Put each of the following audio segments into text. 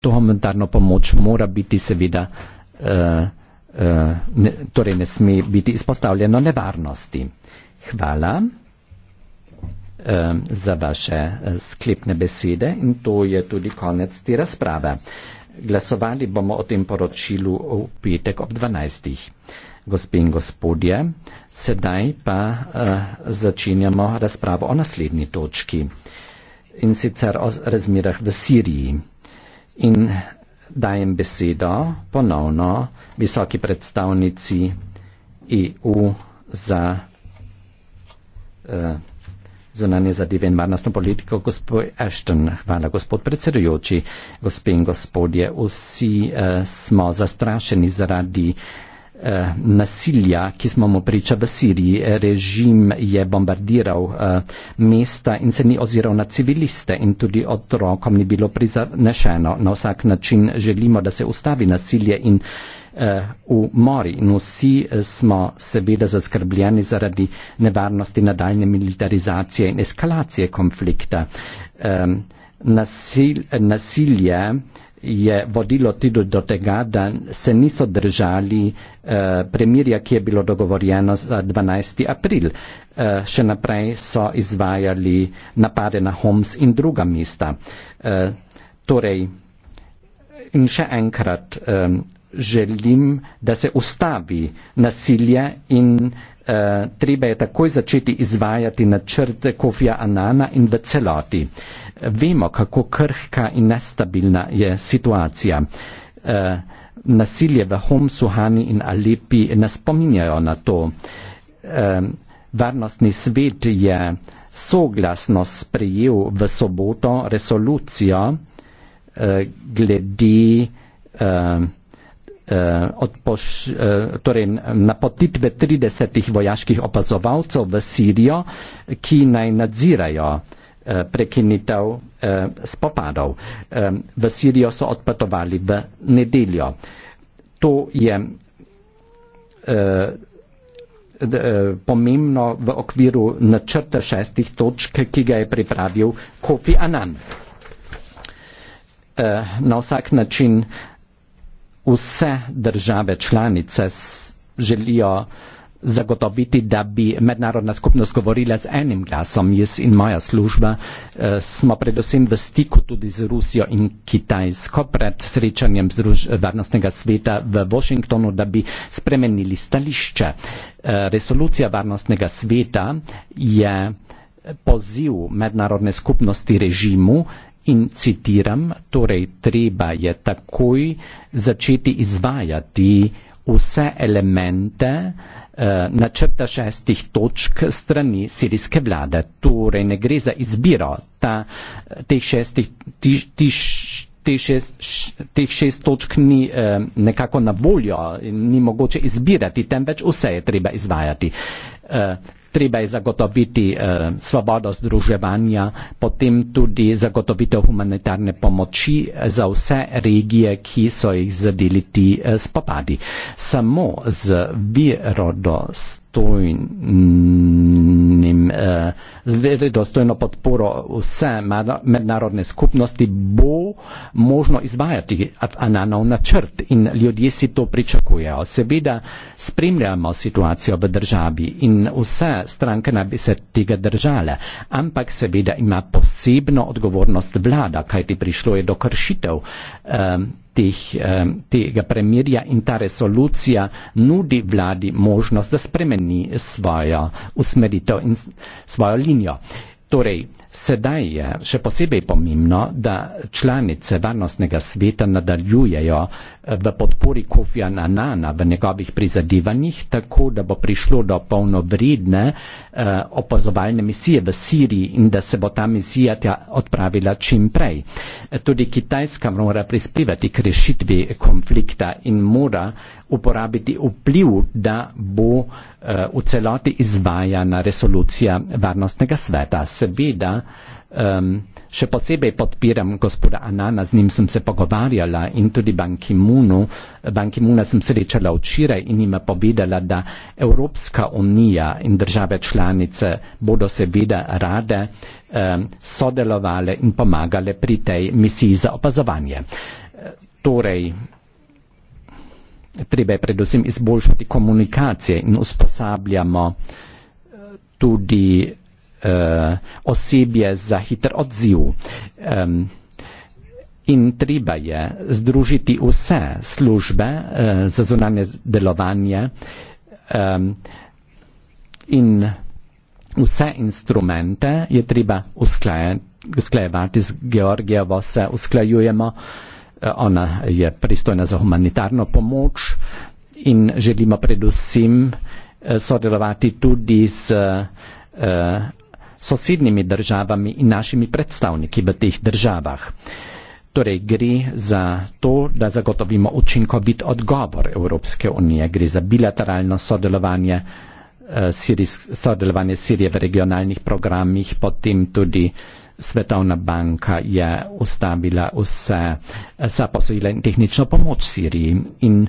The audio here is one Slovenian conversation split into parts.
to humanitarno pomoč mora biti seveda, uh, uh, ne, torej ne sme biti izpostavljeno nevarnosti. Hvala uh, za vaše uh, sklepne besede in to je tudi konec te razprave. Glasovali bomo o tem poročilu v petek ob 12. Gospe in gospodje, sedaj pa uh, začenjamo razpravo o naslednji točki in sicer o razmerah v Siriji in dajem besedo ponovno visoki predstavnici EU za eh, zunanje zadeve in varnostno politiko, gospod Ashton. Hvala, gospod predsedujoči, gospe in gospodje. Vsi eh, smo zastrašeni zaradi eh, Eh, nasilja, ki smo mu priča v Siriji. Režim je bombardiral eh, mesta in se ni oziral na civiliste in tudi otrokom ni bilo prizanešeno. Na vsak način želimo, da se ustavi nasilje in eh, umori. In vsi smo seveda zaskrbljeni zaradi nevarnosti nadaljne militarizacije in eskalacije konflikta. Nasil, nasilje je vodilo tudi do tega, da se niso držali eh, premirja, ki je bilo dogovorjeno za 12. april. Eh, še naprej so izvajali napade na Homs in druga mesta. Eh, torej, in še enkrat eh, želim, da se ustavi nasilje in uh, treba je takoj začeti izvajati načrt Kofija Anana in v celoti. Vemo, kako krhka in nestabilna je situacija. Uh, nasilje v Homsu, Hani in Alepi nas spominjajo na to. Uh, varnostni svet je soglasno sprejel v soboto resolucijo uh, glede uh, eh, odpoš, eh, torej napotitve 30 vojaških opazovalcev v Sirijo, ki naj nadzirajo eh, prekinitev eh, spopadov. Eh, v Sirijo so odpotovali v nedeljo. To je eh, eh pomembno v okviru načrta šestih točk, ki ga je pripravil Kofi Anan. Eh, na vsak način vse države članice želijo zagotoviti, da bi mednarodna skupnost govorila z enim glasom. Jaz in moja služba eh, smo predvsem v stiku tudi z Rusijo in Kitajsko pred srečanjem Združ varnostnega sveta v Washingtonu, da bi spremenili stališče. Eh, resolucija varnostnega sveta je poziv mednarodne skupnosti režimu, eh, In citiram, torej treba je takoj začeti izvajati vse elemente eh, načrta šestih točk strani sirijske vlade. Torej ne gre za izbiro ta, teh šestih, ti, ti š, te šest, š, teh šest točk ni eh, nekako na voljo in ni mogoče izbirati, temveč vse je treba izvajati. Eh, treba je zagotoviti eh, svobodo združevanja, potem tudi zagotovitev humanitarne pomoči eh, za vse regije, ki so jih zadeli ti eh, spopadi. Samo z virodost dostojnim, eh, z verodostojno podporo vse mednarodne skupnosti bo možno izvajati Ananov načrt in ljudje si to pričakujejo. Seveda spremljamo situacijo v državi in vse stranke naj bi se tega držale, ampak seveda ima posebno odgovornost vlada, kajti prišlo je do kršitev. Um, tih, eh, tega premirja in ta resolucija nudi vladi možnost, da spremeni svojo usmeritev in svojo linijo. Torej, sedaj je še posebej pomembno, da članice varnostnega sveta nadaljujejo eh, v podpori Kofija Nanana v njegovih prizadevanjih, tako da bo prišlo do polnovredne eh, opazovalne misije v Siriji in da se bo ta misija tja odpravila čim prej. Eh, tudi Kitajska mora prispevati k rešitvi konflikta in mora uporabiti vpliv, da bo Eh, v celoti izvajana resolucija varnostnega sveta. Seveda, um, še posebej podpiram gospoda Anana, z njim sem se pogovarjala in tudi Banki Munu. Banki Muna sem srečala včeraj in jima povedala, da Evropska unija in države članice bodo seveda rade um, sodelovale in pomagale pri tej misiji za opazovanje. Torej, treba je predvsem izboljšati komunikacije in usposabljamo eh, tudi uh, osebje za hiter odziv. Um, in treba je združiti vse službe uh, za zunanje delovanje um, in vse instrumente je treba usklajevati z Georgijevo, se usklajujemo. Uh, Eh, ona je pristojna za humanitarno pomoč in želimo predvsem eh, sodelovati tudi z eh, sosednjimi državami in našimi predstavniki v teh državah. Torej gre za to, da zagotovimo učinkovit odgovor Evropske unije, gre za bilateralno sodelovanje, sirijs, sodelovanje Sirije v regionalnih programih, potem tudi Svetovna banka je ustavila vse za posojila in tehnično pomoč Siriji in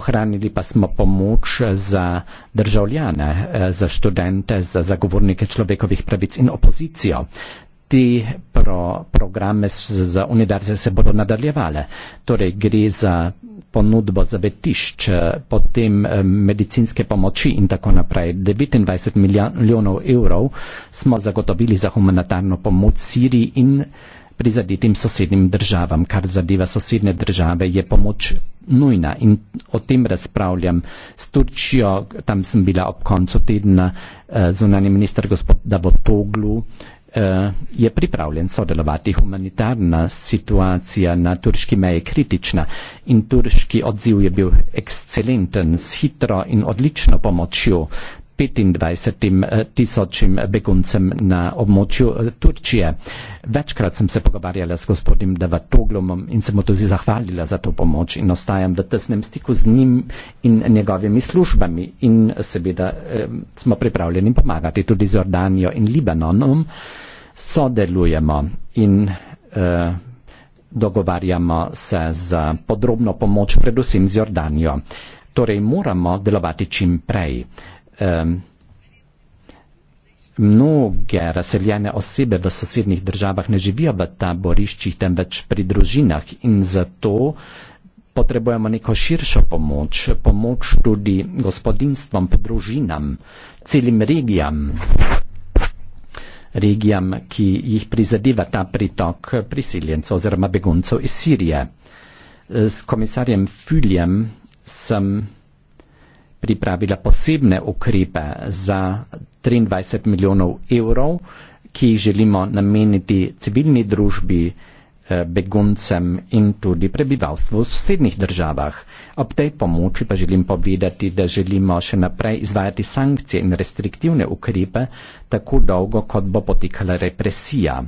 ohranili pa smo pomoč za državljane, za študente, za zagovornike človekovih pravic in opozicijo ti pro, programe za univerze se bodo nadaljevale. Torej gre za ponudbo za vetišč, potem eh, medicinske pomoči in tako naprej. 29 milijonov evrov smo zagotovili za humanitarno pomoč Siriji in prizadetim sosednjim državam. Kar zadeva sosednje države, je pomoč nujna in o tem razpravljam s Turčijo, tam sem bila ob koncu tedna, eh, zunani minister gospod Davotoglu, uh, je pripravljen sodelovati. Humanitarna situacija na turški meji je kritična in turški odziv je bil ekscelenten s hitro in odlično pomočjo. 25 eh, tisočim beguncem na območju eh, Turčije. Večkrat sem se pogovarjala s gospodim Davatoglomom in se mu tudi zahvalila za to pomoč in ostajam v tesnem stiku z njim in njegovimi službami in seveda eh, smo pripravljeni pomagati tudi z Jordanijo in Libanonom. Eh, sodelujemo in eh, dogovarjamo se za podrobno pomoč, predvsem z Jordanijo. Torej moramo delovati čim prej. Eh, mnoge razseljene osebe v sosednjih državah ne živijo v taboriščih, temveč pri družinah in zato potrebujemo neko širšo pomoč, pomoč tudi gospodinstvom, družinam, celim regijam regijam, ki jih prizadeva ta pritok prisiljencev oziroma beguncev iz Sirije. S komisarjem Füljem sem pripravila posebne ukrepe za 23 milijonov evrov, ki jih želimo nameniti civilni družbi, Eh, beguncem in tudi prebivalstvu v sosednjih državah. Ob tej pomoči pa želim povedati, da želimo še naprej izvajati sankcije in restriktivne ukrepe tako dolgo, kot bo potekala represija.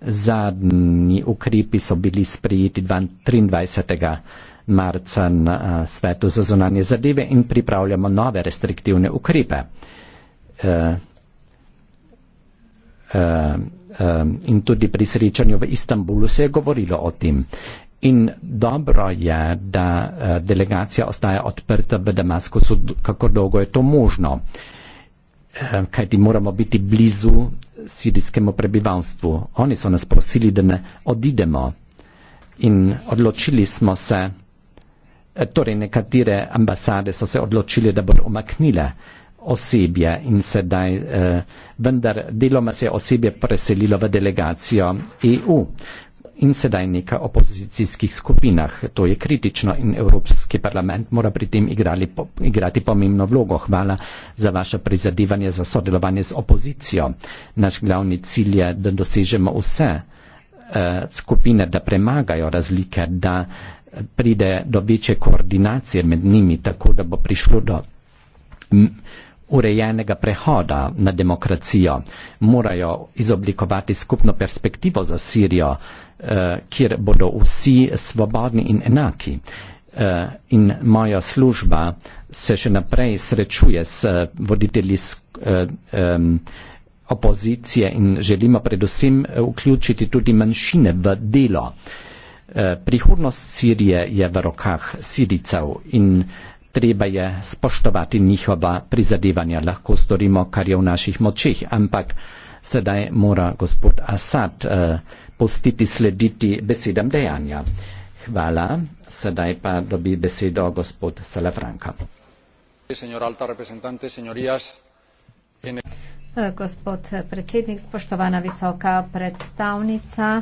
Zadnji ukrepi so bili sprejeti 23. marca na eh, svetu za zonanje zadeve in pripravljamo nove restriktivne ukrepe. Uh, uh, Ehm, in tudi pri srečanju v Istanbulu se je govorilo o tem. In dobro je, da eh, delegacija ostaja odprta v Damaskusu, kako dolgo je to možno, ehm, kajti moramo biti blizu sirijskemu prebivalstvu. Oni so nas prosili, da ne odidemo in odločili smo se, eh, torej nekatere ambasade so se odločili, da bodo umaknile osebje in sedaj eh, vendar deloma se je osebje preselilo v delegacijo EU in sedaj nekaj opozicijskih skupinah. To je kritično in Evropski parlament mora pri tem igrali, po, igrati pomembno vlogo. Hvala za vaše prizadevanje za sodelovanje z opozicijo. Naš glavni cilj je, da dosežemo vse eh, skupine, da premagajo razlike, da pride do večje koordinacije med njimi, tako da bo prišlo do urejenega prehoda na demokracijo, morajo izoblikovati skupno perspektivo za Sirijo, eh, kjer bodo vsi svobodni in enaki. Eh, in moja služba se še naprej srečuje s voditelji eh, eh, opozicije in želimo predvsem eh, vključiti tudi manjšine v delo. Eh, prihodnost Sirije je v rokah Siricev in eh, treba je spoštovati njihova prizadevanja, lahko storimo, kar je v naših močih, ampak sedaj mora gospod Asad uh, eh, postiti slediti besedam dejanja. Hvala, sedaj pa dobi besedo gospod Salafranka. Eh, gospod predsednik, spoštovana visoka predstavnica,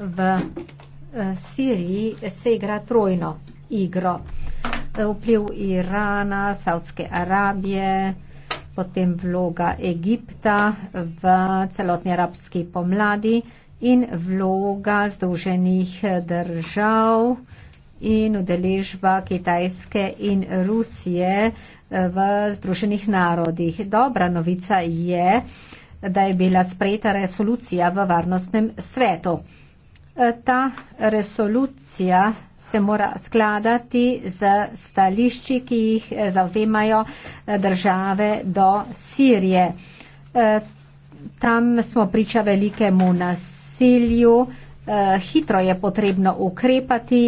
v eh, Siriji se igra trojno igro. Eh, vpliv Irana, Saudske Arabije, potem vloga Egipta v celotni arabski pomladi in vloga Združenih držav in udeležba Kitajske in Rusije eh, v Združenih narodih. Dobra novica je, da je bila sprejeta resolucija v varnostnem svetu. Eh, ta resolucija se mora skladati z stališči, ki jih eh, zauzemajo eh, države do Sirije. Eh, tam smo priča velikemu nasilju, hitro je potrebno ukrepati,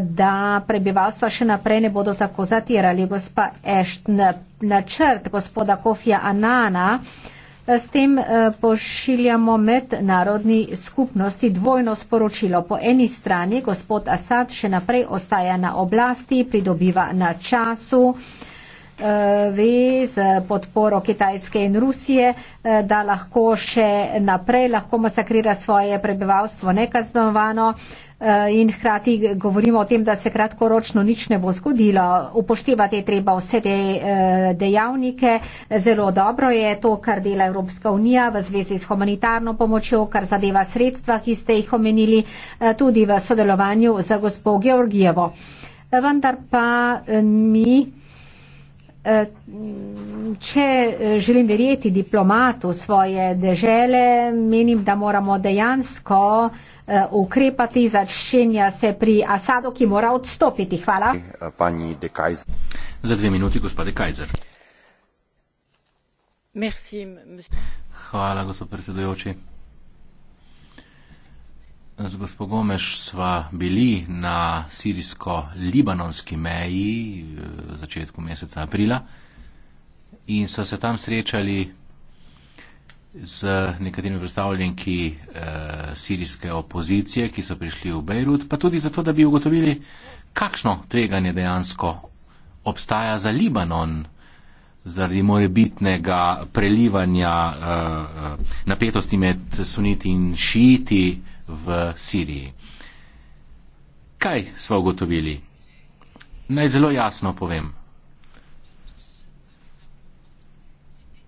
da prebivalstva še naprej ne bodo tako zatirali. Gospa Ešt, načrt gospoda Kofija Anana, S tem eh, pošiljamo med narodni skupnosti dvojno sporočilo. Po eni strani gospod Asad še naprej ostaja na oblasti, pridobiva na času ve z podporo Kitajske in Rusije, eh, da lahko še naprej lahko masakrira svoje prebivalstvo nekaznovano eh, in hkrati govorimo o tem, da se kratkoročno nič ne bo zgodilo. Upoštevati je treba vse te eh, dejavnike. Zelo dobro je to, kar dela Evropska unija v zvezi s humanitarno pomočjo, kar zadeva sredstva, ki ste jih omenili, tudi v sodelovanju z gospod Georgijevo. Vendar pa mi. Če eh, želim verjeti diplomatu svoje dežele, menim, da moramo dejansko eh, ukrepati, začenja se pri Asadu, ki mora odstopiti. Hvala. Za dve minuti, gospod Kajzer. Hvala, gospod predsedujoči. Z gospo Gomeš sva bili na sirijsko-libanonski meji v eh, začetku meseca aprila in so se tam srečali z nekaterimi predstavljenki eh, sirijske opozicije, ki so prišli v Bejrut, pa tudi zato, da bi ugotovili, kakšno tveganje dejansko obstaja za Libanon zaradi morebitnega prelivanja eh, napetosti med suniti in šiti v Siriji. Kaj smo ugotovili? Naj zelo jasno povem.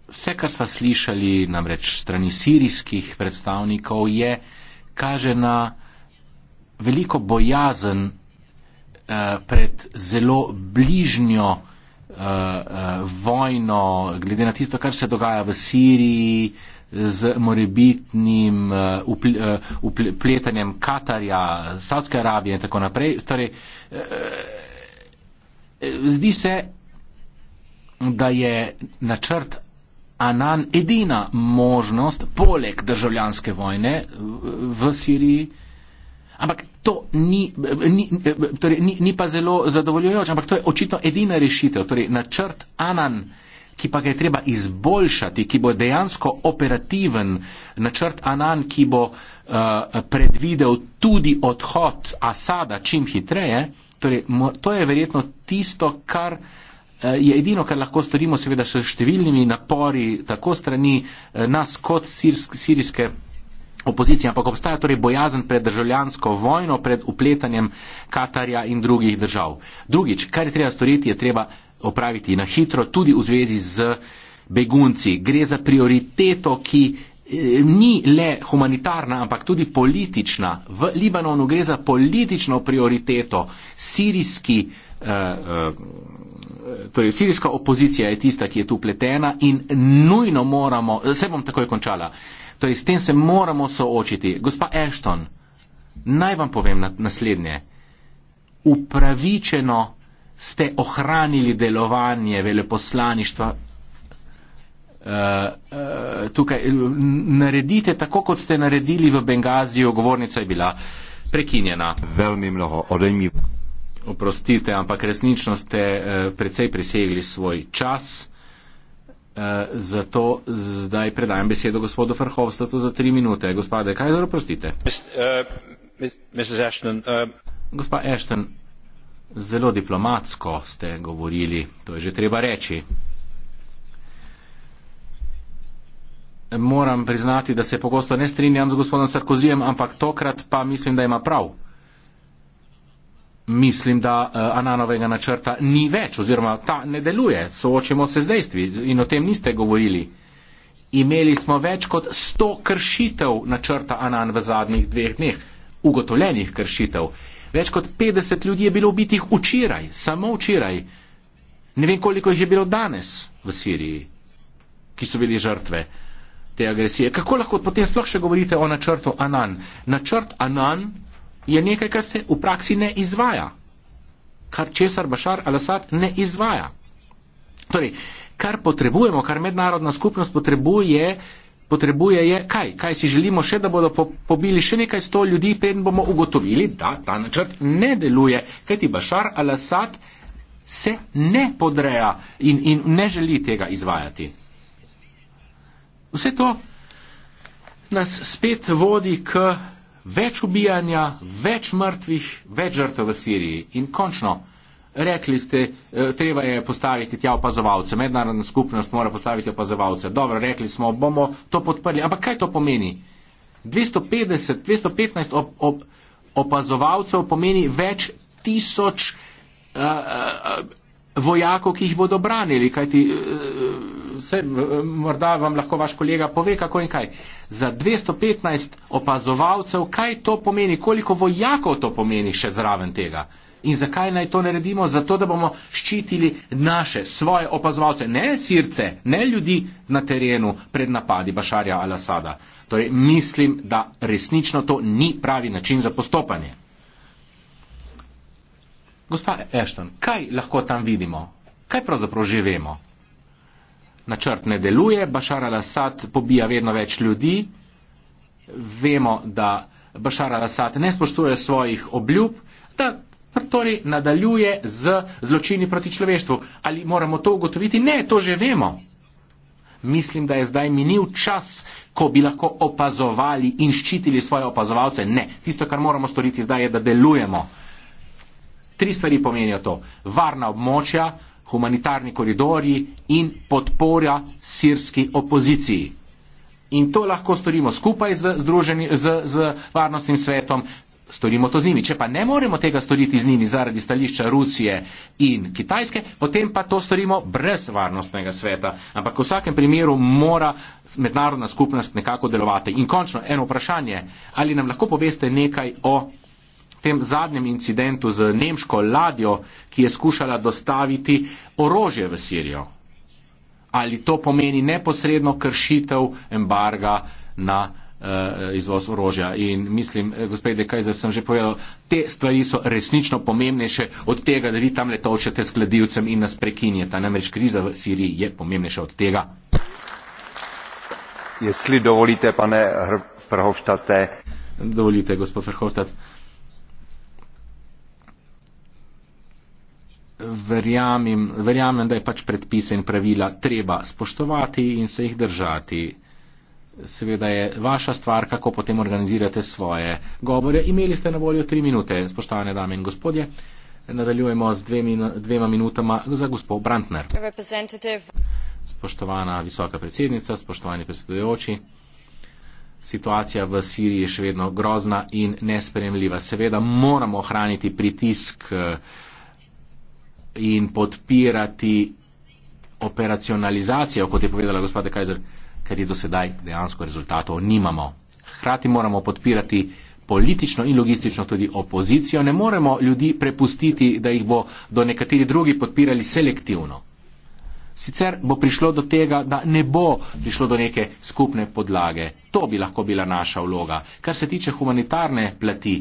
Vse, kar smo slišali namreč strani sirijskih predstavnikov, je, kaže na veliko bojazen eh, pred zelo bližnjo eh, eh vojno, glede na tisto, kar se dogaja v Siriji, eh, z morebitnim eh, upletanjem eh, Katarja, Saudske Arabije in tako naprej. Torej, eh, zdi se, da je načrt Anan edina možnost poleg državljanske vojne v Siriji. Ampak to ni, ni, torej, ni, ni pa zelo zadovoljujoče, ampak to je očitno edina rešitev. Torej, načrt Anan ki pa ga je treba izboljšati, ki bo dejansko operativen načrt Anan, ki bo uh, predvidel tudi odhod Asada čim hitreje, torej, to je verjetno tisto, kar eh, je edino, kar lahko storimo, seveda s številnimi napori, tako strani eh, nas kot sirsk, sirijske opozicije, ampak obstaja torej bojazen pred državljansko vojno, pred upletanjem Katarja in drugih držav. Drugič, kar je treba storiti, je treba opraviti na hitro, tudi v zvezi z begunci. Gre za prioriteto, ki eh, ni le humanitarna, ampak tudi politična. V Libanonu gre za politično prioriteto. Sirijski, eh, eh, torej sirijska opozicija je tista, ki je tu pletena in nujno moramo, eh, se bom takoj končala, torej s tem se moramo soočiti. Gospa Ashton, naj vam povem naslednje. Upravičeno ste ohranili delovanje veleposlaništva uh, uh, tukaj. Eh, naredite tako, kot ste naredili v Bengaziju, govornica je bila prekinjena. Velmi mnogo odejmiv. Oprostite, ampak resnično ste uh, precej prisegli svoj čas. Zato zdaj predajam besedo gospodu Frhovstatu za tri minute. Gospode, kaj zaroprostite? Uh, uh, Gospa Ashton, Zelo diplomatsko ste govorili, to je že treba reči. Moram priznati, da se pogosto ne strinjam z gospodom Sarkozijem, ampak tokrat pa mislim, da ima prav. Mislim, da uh, Ananovega načrta ni več oziroma ta ne deluje. Soočimo se z dejstvi in o tem niste govorili. Imeli smo več kot 100 kršitev načrta Anan v zadnjih dveh dneh, ugotovljenih kršitev. Več kot 50 ljudi je bilo ubitih včeraj, samo včeraj. Ne vem, koliko jih je bilo danes v Siriji, ki so bili žrtve te agresije. Kako lahko potem sploh še govorite o načrtu Anan? Načrt Anan je nekaj, kar se v praksi ne izvaja, kar česar Bašar al-Assad ne izvaja. Torej, kar potrebujemo, kar mednarodna skupnost potrebuje, je potrebuje je kaj, kaj si želimo še, da bodo po, pobili še nekaj sto ljudi, preden bomo ugotovili, da ta načrt ne deluje, kajti Bašar al-Assad se ne podreja in, in ne želi tega izvajati. Vse to nas spet vodi k več ubijanja, več mrtvih, več žrtev v Siriji in končno. Rekli ste, eh, treba je postaviti tja opazovalce, mednarodna skupnost mora postaviti opazovalce. Dobro, rekli smo, bomo to podprli. Ampak kaj to pomeni? 250, 215 op, op, opazovalcev pomeni več tisoč uh, vojakov, ki jih bodo branili. Kajti, uh, se, uh, morda vam lahko vaš kolega pove, kako in kaj. Za 215 opazovalcev, kaj to pomeni, koliko vojakov to pomeni še zraven tega? Uh, In zakaj naj to naredimo? Zato, da bomo ščitili naše, svoje opazovalce, ne sirce, ne ljudi na terenu pred napadi Bašarja Al-Asada. Torej, mislim, da resnično to ni pravi način za postopanje. Gospa Ešton, kaj lahko tam vidimo? Kaj pravzaprav že vemo? Načrt ne deluje, Bašar Al-Asad pobija vedno več ljudi. Vemo, da Bašar Al-Asad ne spoštuje svojih obljub, da Torej nadaljuje z zločini proti človeštvu. Ali moramo to ugotoviti? Ne, to že vemo. Mislim, da je zdaj minil čas, ko bi lahko opazovali in ščitili svoje opazovalce. Ne, tisto, kar moramo storiti zdaj, je, da delujemo. Tri stvari pomenijo to. Varna območja, humanitarni koridori in podporja sirski opoziciji. In to lahko storimo skupaj z, združeni, z, z varnostnim svetom, storimo to z njimi. Če pa ne moremo tega storiti z njimi zaradi stališča Rusije in Kitajske, potem pa to storimo brez varnostnega sveta. Ampak v vsakem primeru mora mednarodna skupnost nekako delovati. In končno eno vprašanje, ali nam lahko poveste nekaj o tem zadnjem incidentu z nemško ladjo, ki je skušala dostaviti orožje v Sirijo. Ali to pomeni neposredno kršitev embarga na Eh, izvoz orožja. In mislim, eh, gospede, kaj zdaj sem že povedal, te stvari so resnično pomembnejše od tega, da vi tam letovčete s kladivcem in nas prekinjete. Namreč kriza v Siriji je pomembnejša od tega. Jestli dovolite, pane Frhoštate. Dovolite, gospod Frhoštat. Verjamem, verjamem, da je pač predpise in pravila treba spoštovati in se jih držati seveda je vaša stvar, kako potem organizirate svoje govore. Imeli ste na voljo tri minute, spoštovane dame in gospodje. Nadaljujemo z dvemi, dvema minutama za gospod Brantner. Spoštovana visoka predsednica, spoštovani predsedujoči. Situacija v Siriji je še vedno grozna in nespremljiva. Seveda moramo ohraniti pritisk eh, in podpirati operacionalizacijo, kot je povedala gospod Kajzer ker je do sedaj dejansko rezultatov nimamo. Hrati moramo podpirati politično in logistično tudi opozicijo, ne moremo ljudi prepustiti, da jih bo do nekateri drugi podpirali selektivno. Sicer bo prišlo do tega, da ne bo prišlo do neke skupne podlage. To bi lahko bila naša vloga. Kar se tiče humanitarne plati,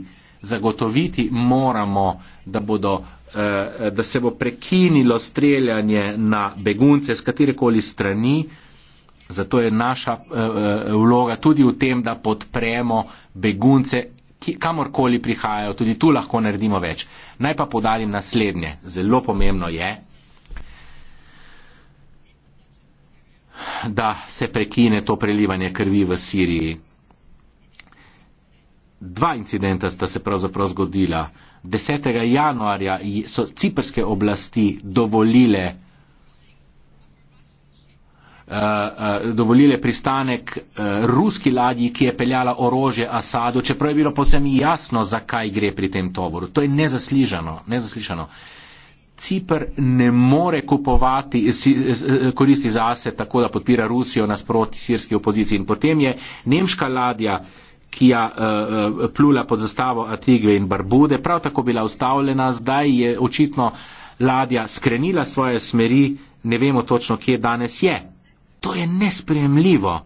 zagotoviti moramo, da, bodo, eh, da se bo prekinilo streljanje na begunce z katerekoli strani, Zato je naša eh, eh, vloga tudi v tem, da podpremo begunce, ki, kamorkoli prihajajo, tudi tu lahko naredimo več. Naj pa podarim naslednje, zelo pomembno je, da se prekine to prelivanje krvi v Siriji. Dva incidenta sta se pravzaprav zgodila. 10. januarja so ciperske oblasti dovolile Eh, eh, dovolile pristanek eh, ruski ladji, ki je peljala orožje Asadu, čeprav je bilo posem jasno, zakaj gre pri tem tovoru. To je nezaslišano. nezaslišano. Cipr ne more kupovati, koristi zase, tako da podpira Rusijo nasproti sirski opoziciji. In potem je nemška ladja, ki je plula pod zastavo Atigve in Barbude, prav tako bila ustavljena, zdaj je očitno ladja skrenila svoje smeri, ne vemo točno, kje danes je. To je nespremljivo.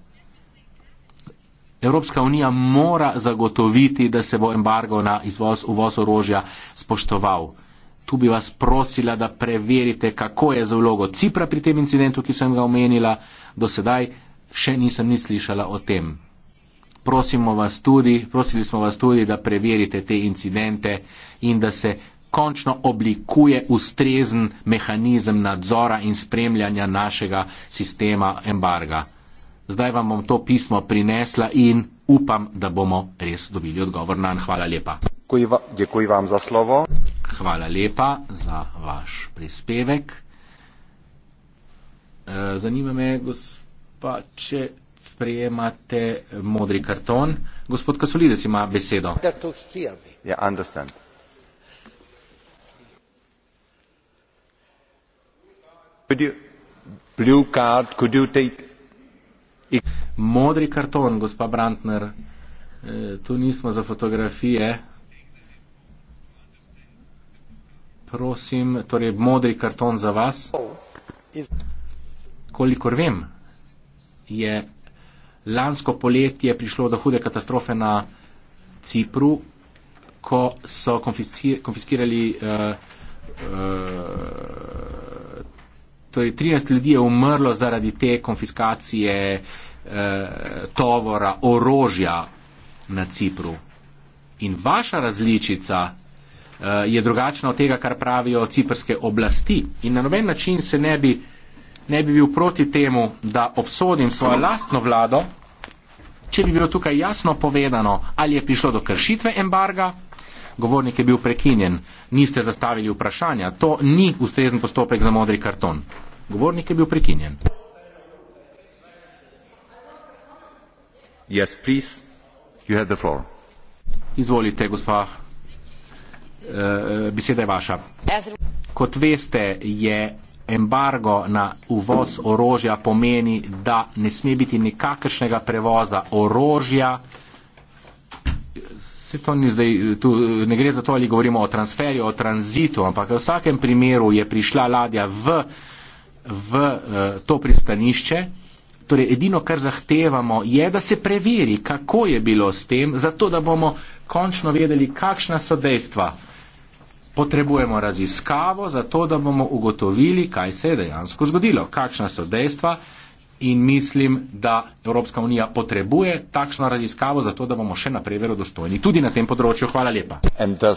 Evropska unija mora zagotoviti, da se bo embargo na izvoz, uvoz orožja spoštoval. Tu bi vas prosila, da preverite, kako je za vlogo Cipra pri tem incidentu, ki sem ga omenila. Do sedaj še nisem ni slišala o tem. Prosimo vas tudi, prosili smo vas tudi, da preverite te incidente in da se končno oblikuje ustrezen mehanizem nadzora in spremljanja našega sistema embarga. Zdaj vam bom to pismo prinesla in upam, da bomo res dobili odgovor na njega. Hvala lepa. Dekuji vam za slovo. Hvala lepa za vaš prispevek. E, zanima me, gospa, če sprejemate modri karton. Gospod Kasolides ima besedo. Ja, yeah, razumem. modri karton gospa brantner e, tu nismo za fotografije prosim torej modri karton za vas kolikor vem je lansko poletje prišlo do hude katastrofe na cipru ko so konfiskirali uh, uh, to je 13 ljudi je umrlo zaradi te konfiskacije eh, tovora, orožja na Cipru. In vaša različica eh, je drugačna od tega, kar pravijo ciprske oblasti. In na noben način se ne bi, ne bi bil proti temu, da obsodim svojo lastno vlado, če bi bilo tukaj jasno povedano, ali je prišlo do kršitve embarga govornik je bil prekinjen, niste zastavili vprašanja, to ni ustrezen postopek za modri karton. Govornik je bil prekinjen. Yes, Izvolite, gospa. E, beseda je vaša. Kot veste, je embargo na uvoz orožja pomeni, da ne sme biti nikakršnega prevoza orožja, Se to ni zdaj, tu ne gre za to, ali govorimo o transferju, o tranzitu, ampak v vsakem primeru je prišla ladja v, v eh, to pristanišče. Torej, edino, kar zahtevamo, je, da se preveri, kako je bilo s tem, zato da bomo končno vedeli, kakšna so dejstva. Potrebujemo raziskavo, zato da bomo ugotovili, kaj se je dejansko zgodilo, kakšna so dejstva, in mislim, da Evropska unija potrebuje takšno raziskavo, zato da bomo še naprej verodostojni tudi na tem področju. Hvala lepa.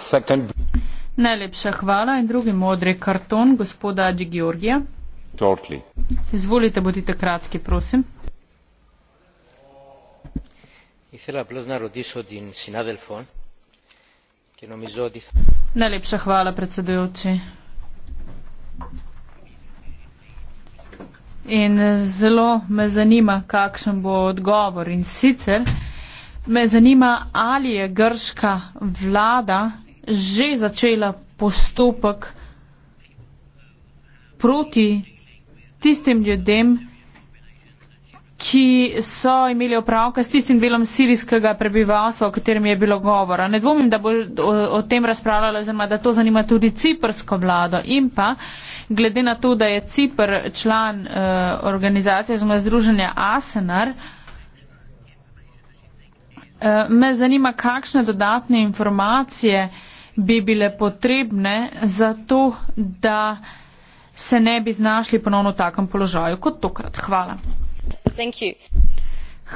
Second... Najlepša hvala in drugi modri karton gospoda Adži Georgija. Shortly. Izvolite, bodite kratki, prosim. Najlepša hvala, predsedujoči. In eh, zelo me zanima, kakšen bo odgovor. In sicer me zanima, ali je grška vlada že začela postopek proti tistim ljudem, ki so imeli opravka s tistim delom sirijskega prebivalstva, o katerem je bilo govora. Ne dvomim, da bo o, o tem razpravljala, oziroma da to zanima tudi ciprsko vlado. In pa, glede na to, da je Cipr član uh, organizacije oziroma združenja Asenar, eh, Me zanima, kakšne dodatne informacije bi bile potrebne za to, da se ne bi znašli ponovno v takem položaju kot tokrat. Hvala.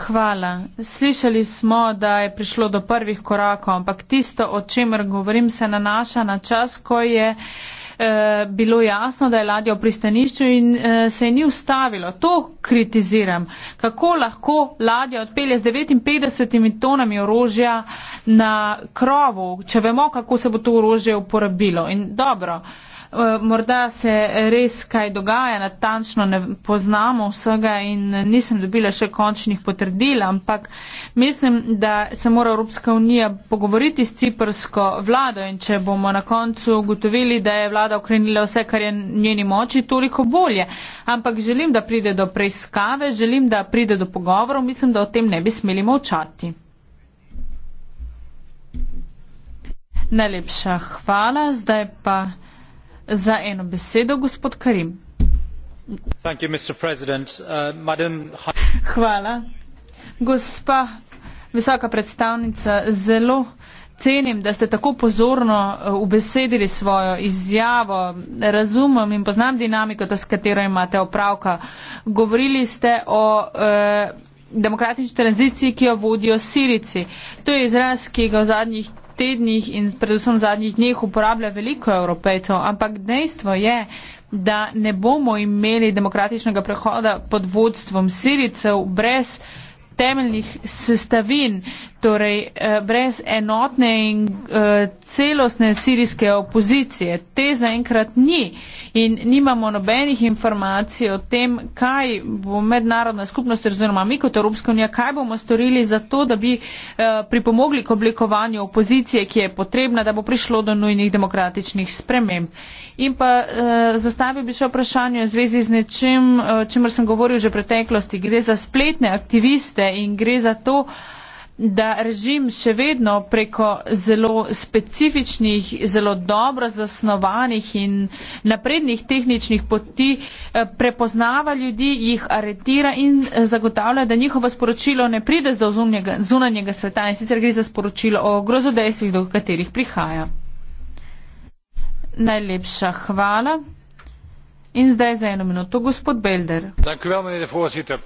Hvala. Slišali smo, da je prišlo do prvih korakov, ampak tisto, o čemer govorim, se nanaša na čas, ko je eh, bilo jasno, da je ladja v pristanišču in eh, se je ni ustavilo. To kritiziram. Kako lahko ladja odpelje z 59 tonami orožja na krovu, če vemo, kako se bo to orožje uporabilo. In dobro, Eh, morda se res kaj dogaja, natančno ne poznamo vsega in nisem dobila še končnih potrdil, ampak mislim, da se mora Evropska unija pogovoriti s ciprsko vlado in če bomo na koncu ugotovili, da je vlada okrenila vse, kar je njeni moči, toliko bolje. Ampak želim, da pride do preiskave, želim, da pride do pogovorov, mislim, da o tem ne bi smeli močati. Najlepša hvala, zdaj pa. Uh, gospa visoka predstavnica zelo cenim da ste tako pozorno uh, ubesedili svojo izjavo razumem in poznam dinamiko s katero imate opravka govorili ste o eh, demokratični tranziciji ki jo vodijo sirici to je izraz ki ga v zadnjih tednih in predvsem v zadnjih dneh uporablja veliko evropejcev, ampak dejstvo je, da ne bomo imeli demokratičnega prehoda pod vodstvom Siricev brez temeljnih sestavin, torej eh, brez enotne in eh, celostne sirijske opozicije. Te zaenkrat ni in nimamo nobenih informacij o tem, kaj bo mednarodna skupnost, oziroma mi kot Evropska unija, kaj bomo storili za to, da bi eh, pripomogli k oblikovanju opozicije, ki je potrebna, da bo prišlo do nujnih demokratičnih sprememb. In pa zastavil bi še vprašanje v zvezi z nečim, čemer sem govoril že v preteklosti. Gre za spletne aktiviste in gre za to, da režim še vedno preko zelo specifičnih, zelo dobro zasnovanih in naprednih tehničnih poti eh, prepoznava ljudi, jih aretira in eh, zagotavlja, da njihovo sporočilo ne pride z zunanjega sveta in sicer gre za sporočilo o grozodejstvih, do katerih prihaja. Najlepša hvala. In zdaj za eno minuto, gospod Belder. Dank u wel, meneer de voorzitter.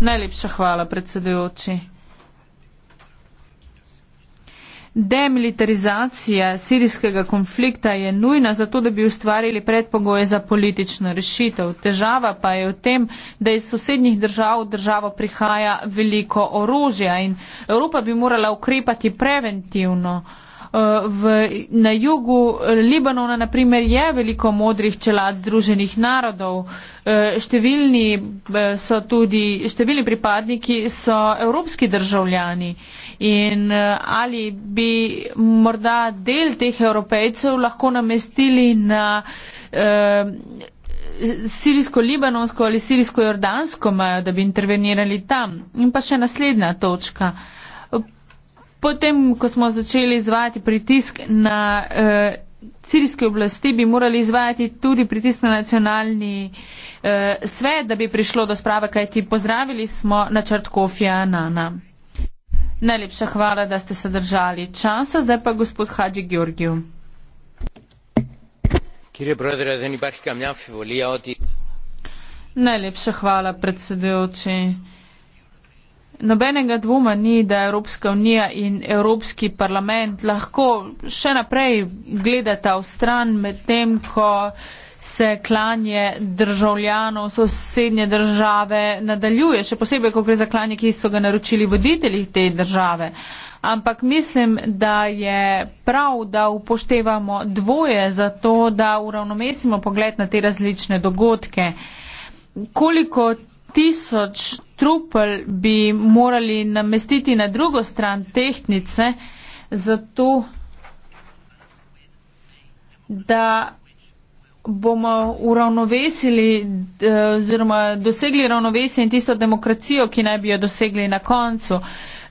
Najlepša hvala, predsedujoči. Demilitarizacija sirijskega konflikta je nujna zato, da bi ustvarili predpogoje za politično rešitev. Težava pa je v tem, da iz sosednjih držav v državo prihaja veliko orožja in Evropa bi morala ukrepati preventivno. Uh, Eh, v, na jugu Libanona, naprimer, je veliko modrih čelad Združenih narodov. Eh, številni, eh, so tudi, številni pripadniki so evropski državljani. In ali bi morda del teh evropejcev lahko namestili na sirijsko-libanonsko ali sirijsko-jordansko mejo, da bi intervenirali tam. In pa še naslednja točka. Potem, ko smo začeli izvajati pritisk na eh, sirijske oblasti, bi morali izvajati tudi pritisk na nacionalni eh, svet, da bi prišlo do sprave, kajti pozdravili smo načrt Kofija Nana. Najlepša hvala, da ste se držali časa. Zdaj pa gospod Hadži Georgiju. Najlepša hvala, predsedujoči. Nobenega dvoma ni, da Evropska unija in Evropski parlament lahko še naprej gledata v stran med tem, ko se klanje državljanov sosednje države nadaljuje, še posebej, ko gre za klanje, ki so ga naročili voditelji te države. Ampak mislim, da je prav, da upoštevamo dvoje za to, da uravnomesimo pogled na te različne dogodke. Koliko tisoč trupel bi morali namestiti na drugo stran tehnice, zato da bomo uravnovesili eh, oziroma dosegli ravnovesje in tisto demokracijo, ki naj bi jo dosegli na koncu.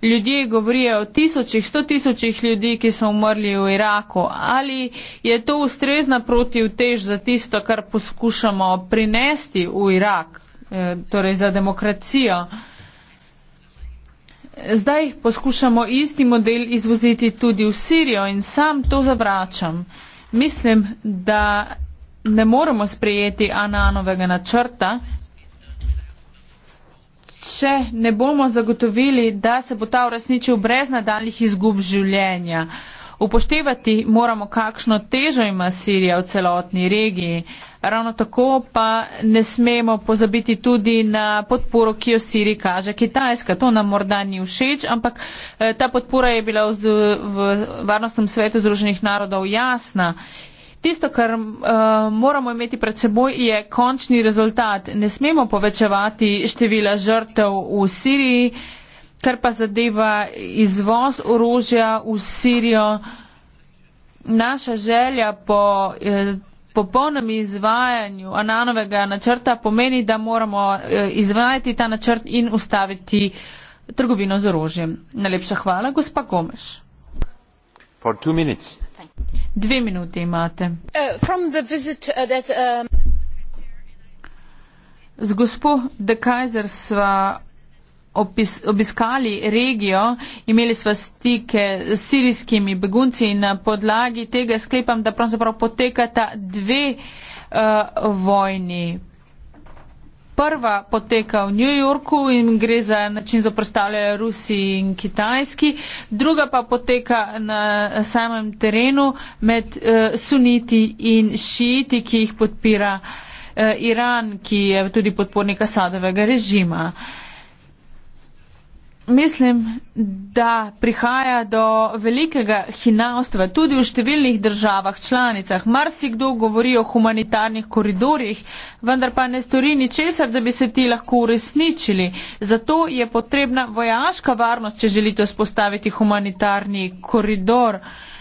Ljudje govorijo o tisočih, sto tisočih ljudi, ki so umrli v Iraku. Ali je to ustrezna protivtež za tisto, kar poskušamo prinesti v Irak? Eh, torej za demokracijo. Zdaj poskušamo isti model izvoziti tudi v Sirijo in sam to zavračam. Mislim, da ne moremo sprejeti Ananovega načrta, če ne bomo zagotovili, da se bo ta uresničil brez nadaljih izgub življenja. Uh, Upoštevati moramo, kakšno težo ima Sirija v celotni regiji. Ravno tako pa ne smemo pozabiti tudi na podporo, ki jo Siriji kaže Kitajska. To nam morda ni všeč, ampak eh, ta podpora je bila v Varnostnem svetu Združenih narodov jasna. Tisto, kar uh, moramo imeti pred seboj, je končni rezultat. Ne smemo povečevati števila žrtev v Siriji. Uh, kar pa zadeva izvoz orožja v Sirijo, naša želja po eh, popolnem izvajanju Ananovega načrta pomeni, da moramo eh, izvajati ta načrt in ustaviti trgovino z orožjem. Najlepša hvala, gospa Gomeš. For two minutes. Dve minuti imate. Uh, from the visit uh, that, um... Z gospo De Kaiser sva opis, obiskali regijo, imeli sva stike s sirijskimi begunci in na podlagi tega sklepam, da pravzaprav potekata dve uh, vojni. Prva poteka v New Yorku in gre za način zoprstavljanja Rusiji in Kitajski, druga pa poteka na samem terenu med uh, suniti in šiiti, ki jih podpira uh, Iran, ki je tudi podpornika Sadovega režima. Uh, mislim, da prihaja do velikega hinavstva tudi v številnih državah, članicah. Marsikdo govori o humanitarnih koridorjih, vendar pa ne stori ničesar, da bi se ti lahko uresničili. Zato je potrebna vojaška varnost, če želite vzpostaviti humanitarni koridor. Uh,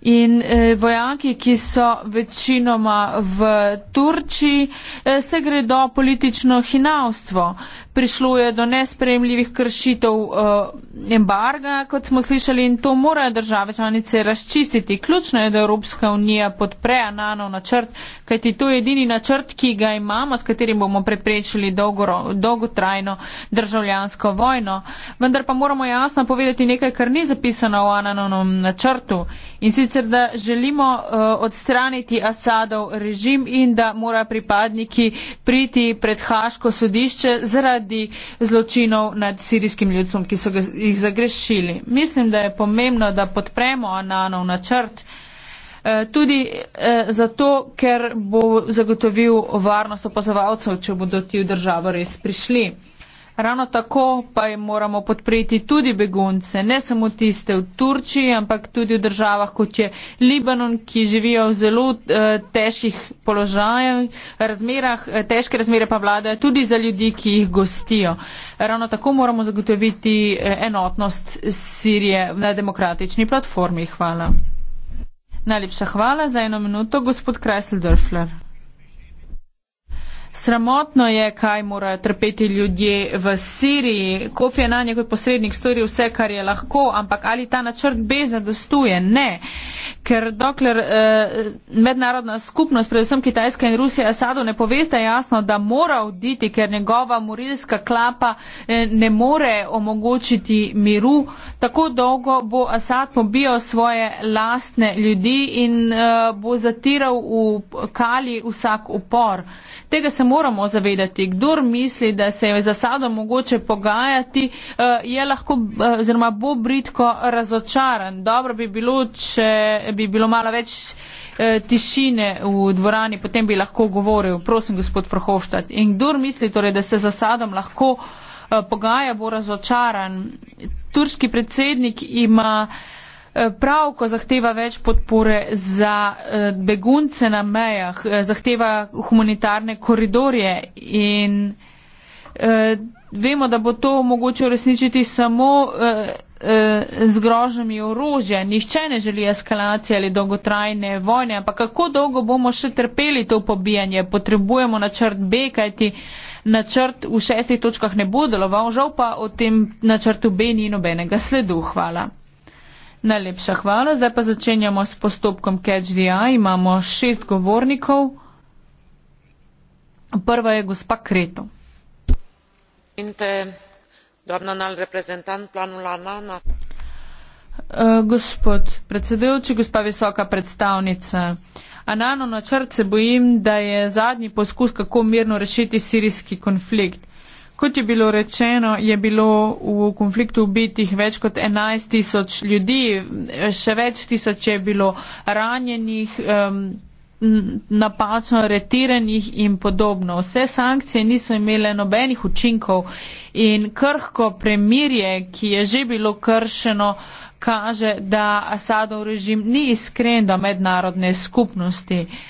In eh, vojaki, ki so večinoma v Turčiji, eh, se gredo politično hinavstvo. Prišlo je do nespremljivih kršitev eh, embarga, kot smo slišali, in to morajo države članice razčistiti. Ključno je, da Evropska unija podpre Anano načrt, kajti to je edini načrt, ki ga imamo, s katerim bomo preprečili dolgoro, dolgotrajno državljansko vojno. Vendar pa moramo jasno povedati nekaj, kar ni zapisano v Ananonom načrtu sicer da želimo uh, odstraniti Asadov režim in da mora pripadniki priti pred Haško sodišče zaradi zločinov nad sirijskim ljudstvom, ki so ga, jih zagrešili. Mislim, da je pomembno, da podpremo Ananov načrt. Eh, tudi eh, zato, ker bo zagotovil varnost opazovalcev, če bodo ti v državo res prišli. Ravno tako pa jim moramo podpreti tudi begunce, ne samo tiste v Turčiji, ampak tudi v državah kot je Libanon, ki živijo v zelo eh, težkih položajih, razmerah, eh, težke razmere pa vladajo tudi za ljudi, ki jih gostijo. Ravno tako moramo zagotoviti eh, enotnost Sirije na demokratični platformi. Hvala. Najlepša hvala za eno minuto, gospod Kreisel Dörfler. Sramotno je, kaj morajo trpeti ljudje v Siriji. Kofi Anan je kot posrednik storil vse, kar je lahko, ampak ali ta načrt B zadostuje? Ne. Ker dokler eh, mednarodna skupnost, predvsem Kitajska in Rusija, Asadu ne povesta jasno, da mora oditi, ker njegova morilska klapa eh, ne more omogočiti miru, tako dolgo bo Asad pobijal svoje lastne ljudi in eh, bo zatiral v kali vsak upor. Tega se moramo zavedati, kdor misli, da se je za sadom mogoče pogajati, eh, je lahko eh, oziroma bo britko razočaran. Dobro bi bilo, če bi bilo malo več eh, tišine v dvorani, potem bi lahko govoril. Prosim, gospod Frohovštad. In kdor misli, torej, da se za sadom lahko pogaja, bo razočaran. Turški predsednik ima. Eh, prav, ko zahteva več podpore za eh, begunce na mejah, eh, zahteva humanitarne koridorje in vemo, da bo to mogoče uresničiti samo z grožnjami orožja. Nihče ne želi eskalacije ali dolgotrajne vojne, ampak kako dolgo bomo še trpeli to pobijanje? Potrebujemo načrt B, kajti načrt v šestih točkah ne bo deloval, žal pa o tem načrtu B ni nobenega sledu. Hvala. Najlepša hvala. Zdaj pa začenjamo s postopkom CatchDI. Imamo šest govornikov. Prva je gospa Kreto. E, gospod predsedujoči, gospa visoka predstavnica. Anano načrt se bojim, da je zadnji poskus, kako mirno rešiti sirijski konflikt. Kot je bilo rečeno, je bilo v konfliktu ubitih več kot 11 tisoč ljudi, še več tisoč je bilo ranjenih. Um, napačno retiranih in podobno. Vse sankcije niso imele nobenih učinkov in krhko premirje, ki je že bilo kršeno, kaže, da Asadov režim ni iskren do mednarodne skupnosti. Uh,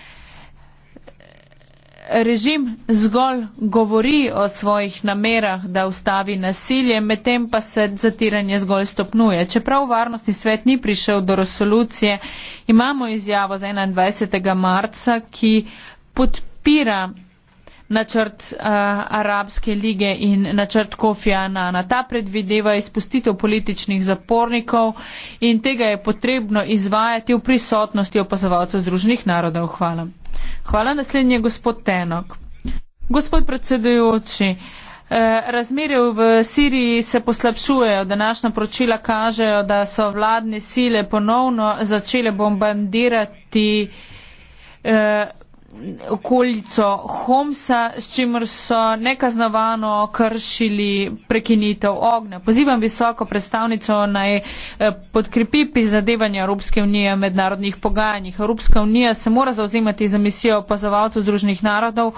režim zgolj govori o svojih namerah, da ustavi nasilje, medtem pa se zatiranje zgolj stopnuje. Čeprav varnostni svet ni prišel do resolucije, imamo izjavo z 21. marca, ki podpira načrt uh, Arabske lige in načrt Kofija Anana. Ta predvideva izpustitev političnih zapornikov in tega je potrebno izvajati v prisotnosti opazovalcev Združenih narodov. Hvala. Hvala. Naslednji je gospod Tenok. Gospod predsedujoči, eh, razmere v Siriji se poslabšujejo. Današnja poročila kažejo, da so vladne sile ponovno začele bombardirati eh, okolico Homsa, s čimer so nekaznovano kršili prekinitev ognja. Pozivam visoko predstavnico naj eh, podkrepi prizadevanja Evropske unije v mednarodnih pogajanjih. Evropska unija se mora zauzemati za misijo opazovalcev Združenih narodov,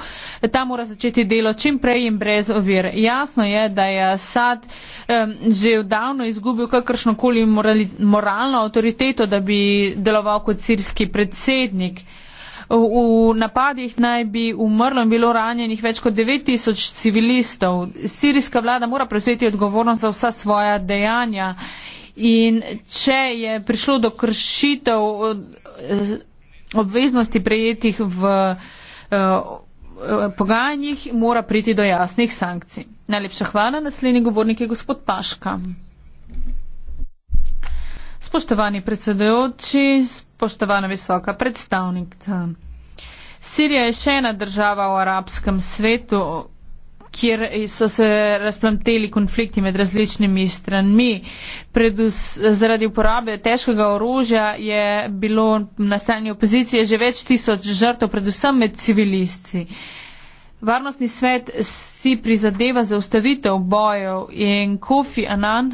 ta mora začeti delo čim prej in brez ovir. Jasno je, da je Sad um, že odavno izgubil kakršnokoli morali, moralno avtoriteto, da bi deloval kot sirski predsednik. V napadih naj bi umrlo in bilo ranjenih več kot 9000 civilistov. Sirijska vlada mora prevzeti odgovornost za vsa svoja dejanja. In če je prišlo do kršitev eh, obveznosti prejetih v eh, pogajanjih, mora priti do jasnih sankcij. Najlepša hvala, naslednji govornik je gospod Paška. Spoštovani predsedujoči, spoštovana visoka predstavnica. Sirija je še ena država v arabskem svetu, kjer so se razplamteli konflikti med različnimi stranmi. Predus, zaradi uporabe težkega orožja je bilo na strani opozicije že več tisoč žrtev, predvsem med civilisti. Varnostni svet si prizadeva za ustavitev bojev in Kofi Anan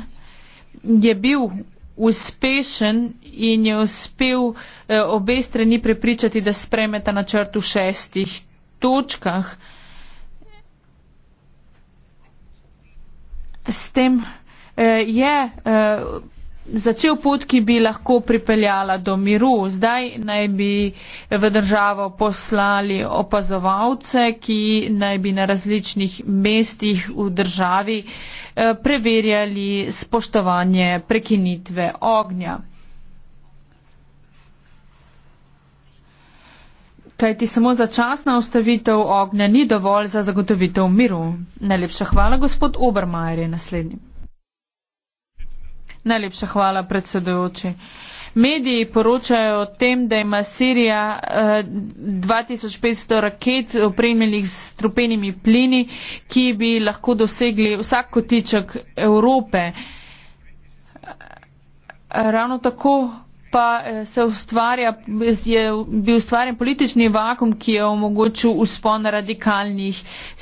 je bil uspešen in je uspel eh, obe strani prepričati, da spremeta načrt v šestih točkah. S tem eh, je eh, začel pot, ki bi lahko pripeljala do miru. Zdaj naj bi v državo poslali opazovalce, ki naj bi na različnih mestih v državi eh, preverjali spoštovanje prekinitve ognja. Kaj ti samo začasna ustavitev ognja ni dovolj za zagotovitev miru? Najlepša hvala, gospod Obermajer je naslednji. Najlepša hvala, predsedujoči. Mediji poročajo o tem, da ima Sirija eh, 2500 raket opremljenih s trupenimi plini, ki bi lahko dosegli vsak kotiček Evrope. Ravno tako pa eh, se ustvarja, je bil ustvarjen politični vakum, ki je omogočil uspon radikalnih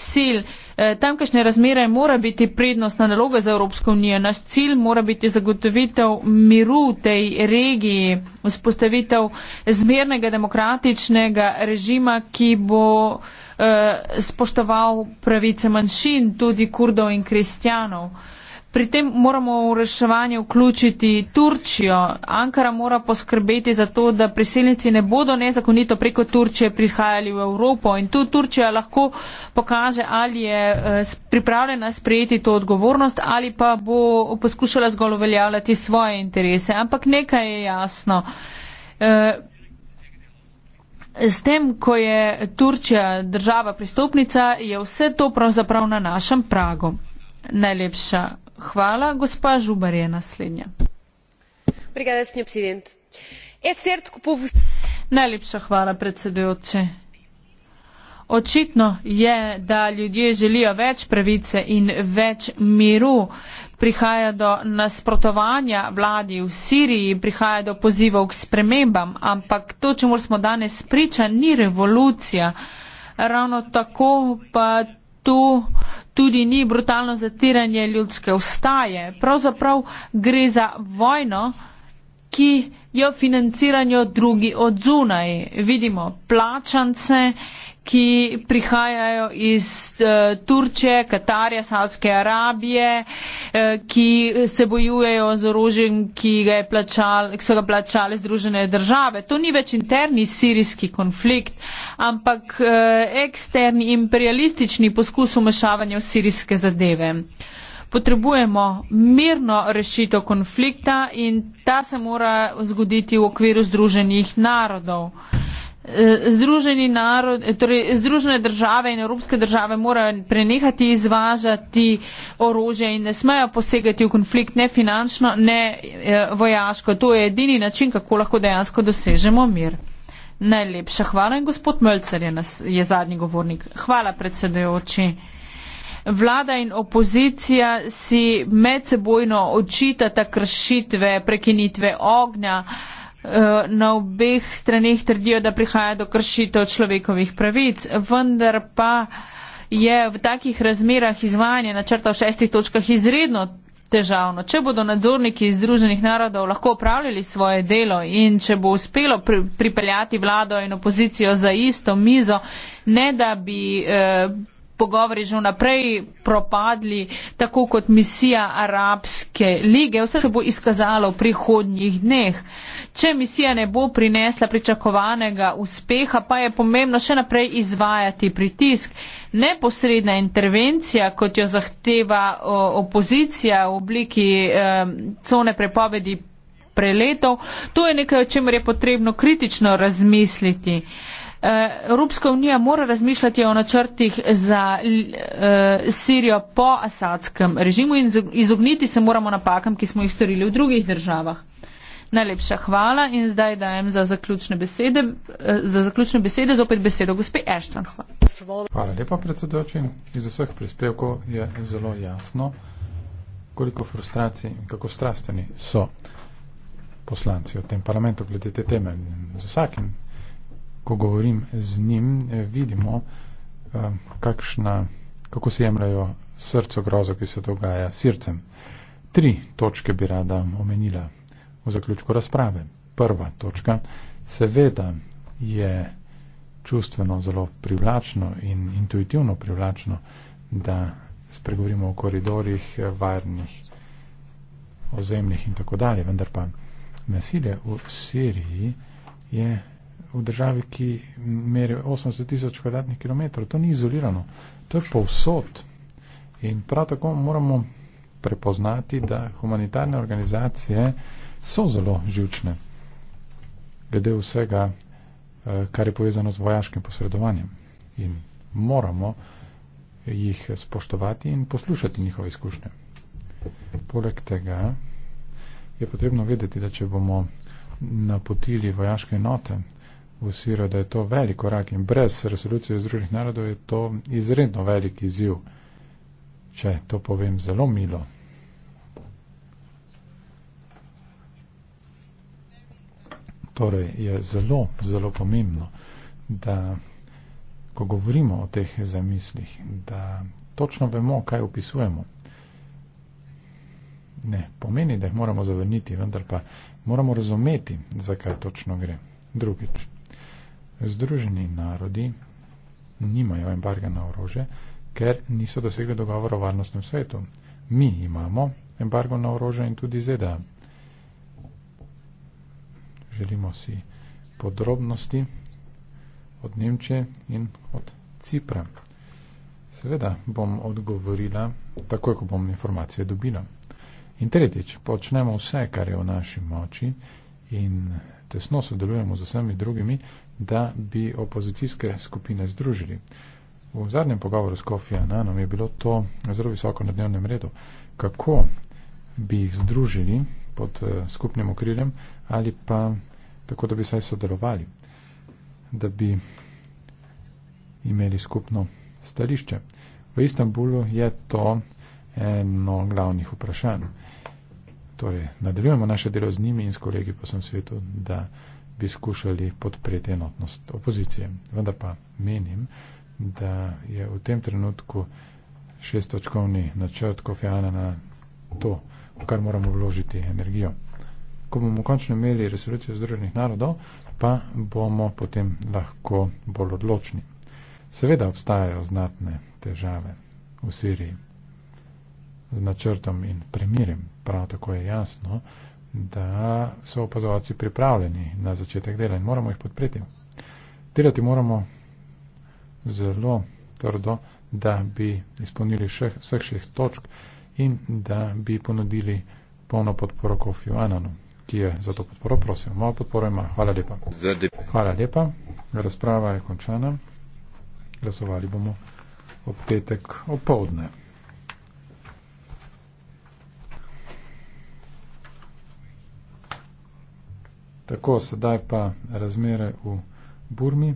sil. Eh, tamkajšnje razmere mora biti prednostna naloga za Evropsko unijo. Naš cilj mora biti zagotovitev miru v tej regiji, vzpostavitev zmernega demokratičnega režima, ki bo eh, spoštoval pravice manjšin, tudi kurdov in kristjanov. Pri tem moramo v reševanje vključiti Turčijo. Ankara mora poskrbeti za to, da priseljenci ne bodo nezakonito preko Turčije prihajali v Evropo. In tu Turčija lahko pokaže, ali je eh, pripravljena sprejeti to odgovornost ali pa bo poskušala zgolj uveljavljati svoje interese. Ampak nekaj je jasno. Eh, s tem, ko je Turčija država pristopnica, je vse to pravzaprav na našem pragu. Najlepša. Hvala. Gospa Žubar je naslednja. Obrigada, senjor president. Je cert kupov... Najlepša hvala, predsedujoče. Očitno je, da ljudje želijo več pravice in več miru. Prihaja do nasprotovanja vladi v Siriji, prihaja do pozivov k spremembam, ampak to, čemu smo danes priča, ni revolucija. Ravno tako pa to tudi ni brutalno zatiranje ljudske ustaje. Pravzaprav gre za vojno, ki jo financirajo drugi od zunaj. Vidimo plačance, ki prihajajo iz uh, Turčije, Katarja, Saudske Arabije, uh, ki se bojujejo z orožjem, ki, plačal, ki so ga plačali Združene države. To ni več interni sirijski konflikt, ampak uh, eksterni imperialistični poskus umešavanja v sirijske zadeve. Potrebujemo mirno rešitev konflikta in ta se mora zgoditi v okviru Združenih narodov. Uh, Eh, Združeni narod, eh, torej Združene države in evropske države morajo prenehati izvažati orožje in ne smejo posegati v konflikt ne finančno, ne eh, vojaško. To je edini način, kako lahko dejansko dosežemo mir. Najlepša hvala in gospod Mölcer je, nas, je zadnji govornik. Hvala predsedujoči. Vlada in opozicija si medsebojno očitata kršitve, prekinitve ognja. Uh, Eh, na obeh straneh trdijo, da prihaja do kršitev človekovih pravic, vendar pa je v takih razmerah izvajanje načrta v šestih točkah izredno težavno. Če bodo nadzorniki iz Združenih narodov lahko upravljali svoje delo in če bo uspelo pripeljati vlado in opozicijo za isto mizo, ne da bi. Eh, pogovori že vnaprej propadli, tako kot misija Arabske lige. Vse se bo izkazalo v prihodnjih dneh. Če misija ne bo prinesla pričakovanega uspeha, pa je pomembno še naprej izvajati pritisk. Neposredna intervencija, kot jo zahteva opozicija v obliki eh, cone prepovedi preletov, to je nekaj, o čemer je potrebno kritično razmisliti. Eh, Evropska unija mora razmišljati o načrtih za eh, Sirijo po asadskem režimu in izogniti se moramo napakam, ki smo jih storili v drugih državah. Najlepša hvala in zdaj dajem za zaključne besede, eh, za zaključne besede zopet besedo gospe Ešton. Hvala. hvala lepa predsedoči. Iz vseh prispevkov je zelo jasno, koliko frustracij in kako strastveni so poslanci v tem parlamentu glede te teme. Z vsakim ko govorim z njim, eh, vidimo, eh, kakšna, kako se jemljajo srce grozo, ki se dogaja srcem. Tri točke bi rada omenila v zaključku razprave. Prva točka, seveda je čustveno zelo privlačno in intuitivno privlačno, da spregovorimo o koridorjih, varnih ozemljih in tako dalje, vendar pa nasilje v Siriji je v državi, ki meri 80 tisoč kvadratnih kilometrov. To ni izolirano, to je povsod. In prav tako moramo prepoznati, da humanitarne organizacije so zelo živčne, glede vsega, eh, kar je povezano z vojaškim posredovanjem. In moramo jih spoštovati in poslušati njihove izkušnje. Poleg tega je potrebno vedeti, da če bomo napotili vojaške note v Sirijo, da je to velik korak in brez resolucije Združenih narodov je to izredno velik izziv, če to povem zelo milo. Torej je zelo, zelo pomembno, da ko govorimo o teh zamislih, da točno vemo, kaj opisujemo. Ne, pomeni, da jih moramo zavrniti, vendar pa moramo razumeti, zakaj točno gre. Drugič. Združeni narodi nimajo embarga na orože, ker niso dosegli dogovora o varnostnem svetu. Mi imamo embargo na orože in tudi ZDA. Želimo si podrobnosti od Nemčije in od Cipra. Seveda bom odgovorila takoj, ko bom informacije dobila. In tretjič, počnemo vse, kar je v naši moči in tesno sodelujemo z vsemi drugimi, da bi opozicijske skupine združili. V zadnjem pogovoru s Kofi Ananom je bilo to zelo visoko na dnevnem redu. Kako bi jih združili pod eh, skupnim okriljem ali pa tako, da bi saj sodelovali, da bi imeli skupno stališče. V Istanbulu je to eno glavnih vprašanj. Torej, nadaljujemo naše delo z njimi in s kolegi po svetu, da bi skušali podpreti enotnost opozicije. Vendar pa menim, da je v tem trenutku šestočkovni načrt kofeana na to, v kar moramo vložiti energijo. Ko bomo končno imeli resolucijo Združenih narodov, pa bomo potem lahko bolj odločni. Seveda obstajajo znatne težave v Siriji z načrtom in premirjem. Prav tako je jasno, da so opazovalci pripravljeni na začetek dela in moramo jih podpreti. Delati moramo zelo trdo, da bi izpolnili šeh, vseh šest točk in da bi ponudili polno podporo Kofiju Ananu, ki je za to podporo prosil. Moja podpora ima. Hvala lepa. Hvala lepa. Razprava je končana. Glasovali bomo ob petek, ob povdne. Tako sedaj pa razmere v Burmi.